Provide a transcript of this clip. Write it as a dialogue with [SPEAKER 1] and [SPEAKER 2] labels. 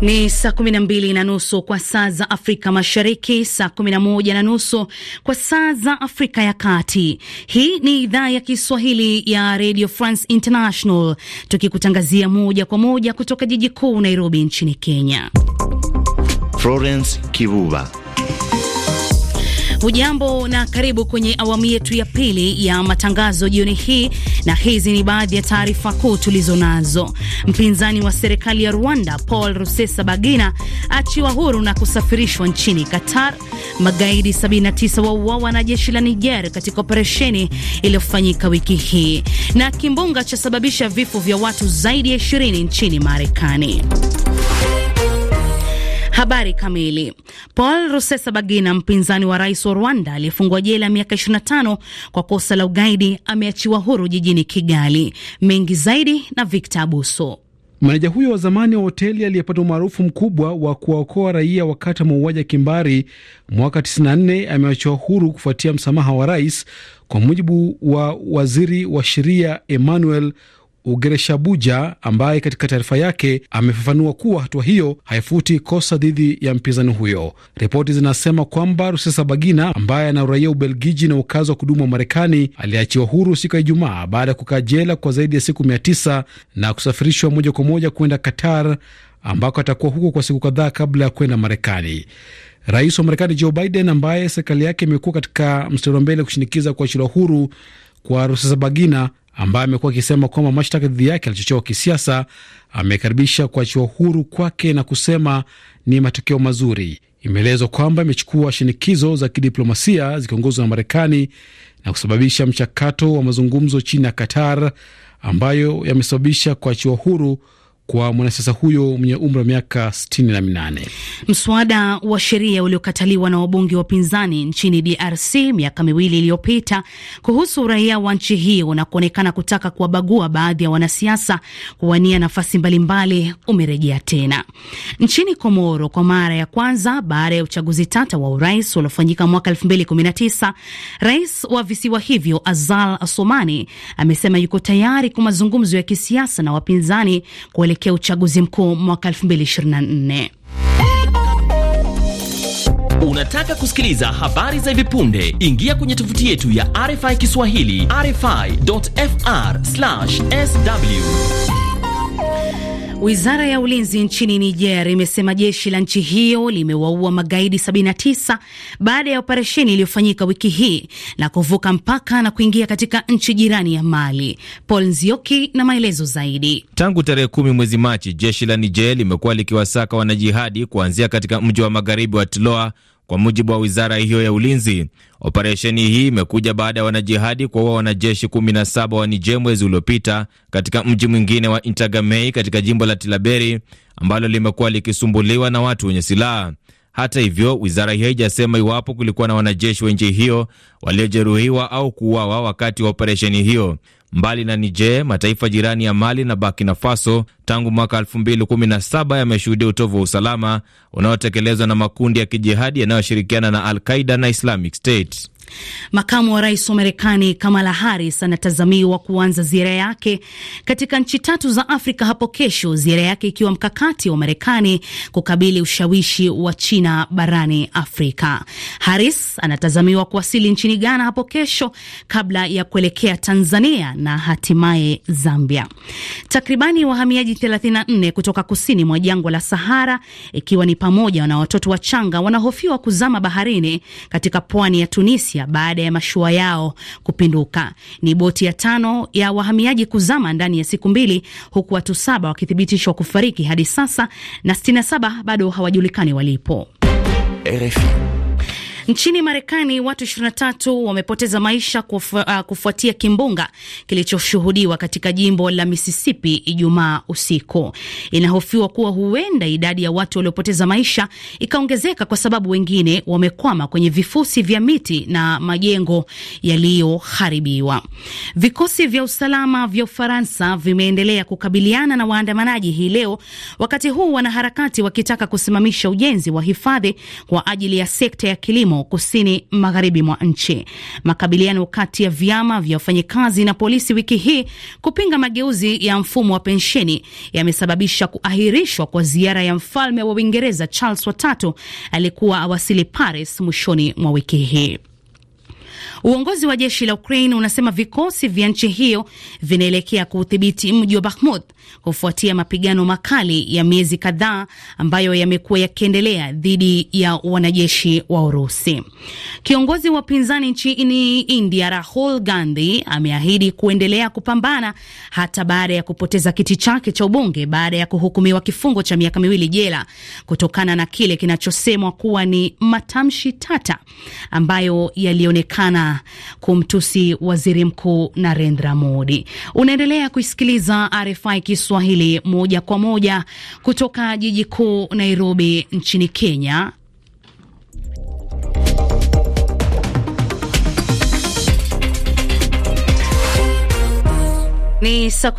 [SPEAKER 1] Ni saa kumi na mbili na nusu kwa saa za Afrika Mashariki, saa kumi na moja na nusu kwa saa za Afrika ya Kati. Hii ni idhaa ya Kiswahili ya Radio France International, tukikutangazia moja kwa moja kutoka jiji kuu Nairobi nchini Kenya.
[SPEAKER 2] Florence Kivuva
[SPEAKER 1] Hujambo na karibu kwenye awamu yetu ya pili ya matangazo jioni hii, na hizi ni baadhi ya taarifa kuu tulizo nazo. Mpinzani wa serikali ya Rwanda Paul Rusesabagina achiwa huru na kusafirishwa nchini Qatar. Magaidi 79 wauawa na jeshi la Niger katika operesheni iliyofanyika wiki hii, na kimbunga chasababisha vifo vya watu zaidi ya 20 nchini Marekani. Habari kamili. Paul Rusesabagina, mpinzani wa rais wa Rwanda aliyefungwa jela miaka 25 kwa kosa la ugaidi, ameachiwa huru jijini Kigali. Mengi zaidi na Victor Abuso.
[SPEAKER 3] Maneja huyo wa zamani wa hoteli aliyepata umaarufu mkubwa wa kuwaokoa raia wakati wa mauaji ya kimbari mwaka 94 ameachiwa huru kufuatia msamaha wa rais, kwa mujibu wa waziri wa sheria Emmanuel Ugereshabuja, ambaye katika taarifa yake amefafanua kuwa hatua hiyo haifuti kosa dhidi ya mpinzani huyo. Ripoti zinasema kwamba Rusesabagina, ambaye ana uraia Ubelgiji na ukazi wa kudumu wa Marekani, aliachiwa huru siku ya Ijumaa baada ya kukaa jela kwa zaidi ya siku mia tisa na kusafirishwa moja kwa moja kwenda Qatar ambako atakuwa huko kwa siku kadhaa kabla ya kwenda Marekani. Rais wa Marekani Joe Biden, ambaye serikali yake imekuwa katika mstari wa mbele kushinikiza kuachiliwa huru kwa Rusesabagina, ambaye amekuwa akisema kwamba mashtaka dhidi yake alichochewa kisiasa, amekaribisha kuachiwa huru kwake na kusema ni matokeo mazuri. Imeelezwa kwamba imechukua shinikizo za kidiplomasia zikiongozwa na Marekani na kusababisha mchakato wa mazungumzo chini ya Qatar ambayo yamesababisha kuachiwa huru kwa mwanasiasa huyo mwenye umri wa miaka 68.
[SPEAKER 1] Mswada wa sheria uliokataliwa na wabunge wa upinzani nchini DRC miaka miwili iliyopita kuhusu uraia wa nchi hiyo na kuonekana kutaka kuwabagua baadhi ya wanasiasa kuwania nafasi mbalimbali umerejea tena nchini Komoro kwa mara ya kwanza baada ya uchaguzi tata wa urais uliofanyika mwaka 2019. Rais wa visiwa hivyo Azal Asomani amesema yuko tayari kwa mazungumzo ya kisiasa na wapinzani kuele kuelekea uchaguzi mkuu mwaka 2024.
[SPEAKER 2] Unataka kusikiliza habari za hivi punde? Ingia kwenye tovuti yetu ya RFI Kiswahili, rfi.fr/sw.
[SPEAKER 1] Wizara ya ulinzi nchini Niger imesema jeshi la nchi hiyo limewaua magaidi 79 baada ya operesheni iliyofanyika wiki hii na kuvuka mpaka na kuingia katika nchi jirani ya Mali. Paul Nzioki na maelezo zaidi.
[SPEAKER 2] Tangu tarehe kumi mwezi Machi, jeshi la Niger limekuwa likiwasaka wanajihadi kuanzia katika mji wa magharibi wa Tiloa kwa mujibu wa wizara hiyo ya ulinzi, operesheni hii imekuja baada ya wanajihadi kuwaua wanajeshi 17 wa Niger mwezi uliopita katika mji mwingine wa Intagamei katika jimbo la Tilaberi ambalo limekuwa likisumbuliwa na watu wenye silaha. Hata hivyo, wizara hiyo haijasema iwapo kulikuwa na wanajeshi wa nchi hiyo waliojeruhiwa au kuuawa wakati wa operesheni hiyo. Mbali na Niger, mataifa jirani ya Mali na Burkina Faso tangu mwaka 2017 yameshuhudia utovu wa usalama unaotekelezwa na makundi ya kijihadi yanayoshirikiana na Al Qaida na Islamic State.
[SPEAKER 1] Makamu wa rais wa Marekani Kamala Harris anatazamiwa kuanza ziara yake katika nchi tatu za Afrika hapo kesho, ziara yake ikiwa mkakati wa Marekani kukabili ushawishi wa China barani Afrika. Harris anatazamiwa kuwasili nchini Ghana hapo kesho kabla ya kuelekea Tanzania na hatimaye Zambia. Takribani wahamiaji 34 kutoka kusini mwa jangwa la Sahara, ikiwa ni pamoja na watoto wachanga, wanahofiwa kuzama baharini katika pwani ya Tunisia Tunisia baada ya mashua yao kupinduka. Ni boti ya tano ya wahamiaji kuzama ndani ya siku mbili, huku watu saba wakithibitishwa kufariki hadi sasa na 67 bado hawajulikani walipo. RFI. Nchini Marekani watu 23 wamepoteza maisha kufu, uh, kufuatia kimbunga kilichoshuhudiwa katika jimbo la Mississippi Ijumaa usiku. Inahofiwa kuwa huenda idadi ya watu waliopoteza maisha ikaongezeka kwa sababu wengine wamekwama kwenye vifusi vya miti na majengo yaliyoharibiwa. Vikosi vya usalama vya Ufaransa vimeendelea kukabiliana na waandamanaji hii leo, wakati huu wanaharakati wakitaka kusimamisha ujenzi wa hifadhi kwa ajili ya sekta ya kilimo kusini magharibi mwa nchi. Makabiliano kati ya vyama vya wafanyikazi na polisi wiki hii kupinga mageuzi ya mfumo wa pensheni yamesababisha kuahirishwa kwa ziara ya mfalme wa Uingereza Charles watatu aliyekuwa awasili Paris mwishoni mwa wiki hii. Uongozi wa jeshi la Ukraine unasema vikosi vya nchi hiyo vinaelekea kuudhibiti mji wa Bakhmut kufuatia mapigano makali ya miezi kadhaa ambayo yamekuwa yakiendelea dhidi ya wanajeshi wa Urusi. Kiongozi wa upinzani nchini India Rahul Gandhi ameahidi kuendelea kupambana hata baada ya kupoteza kiti chake cha ubunge baada ya kuhukumiwa kifungo cha miaka miwili jela kutokana na kile kinachosemwa kuwa ni matamshi tata ambayo yalionekana kumtusi waziri mkuu Narendra Modi. Unaendelea kuisikiliza RFI Kiswahili moja kwa moja kutoka jiji kuu Nairobi nchini Kenya. Ni saa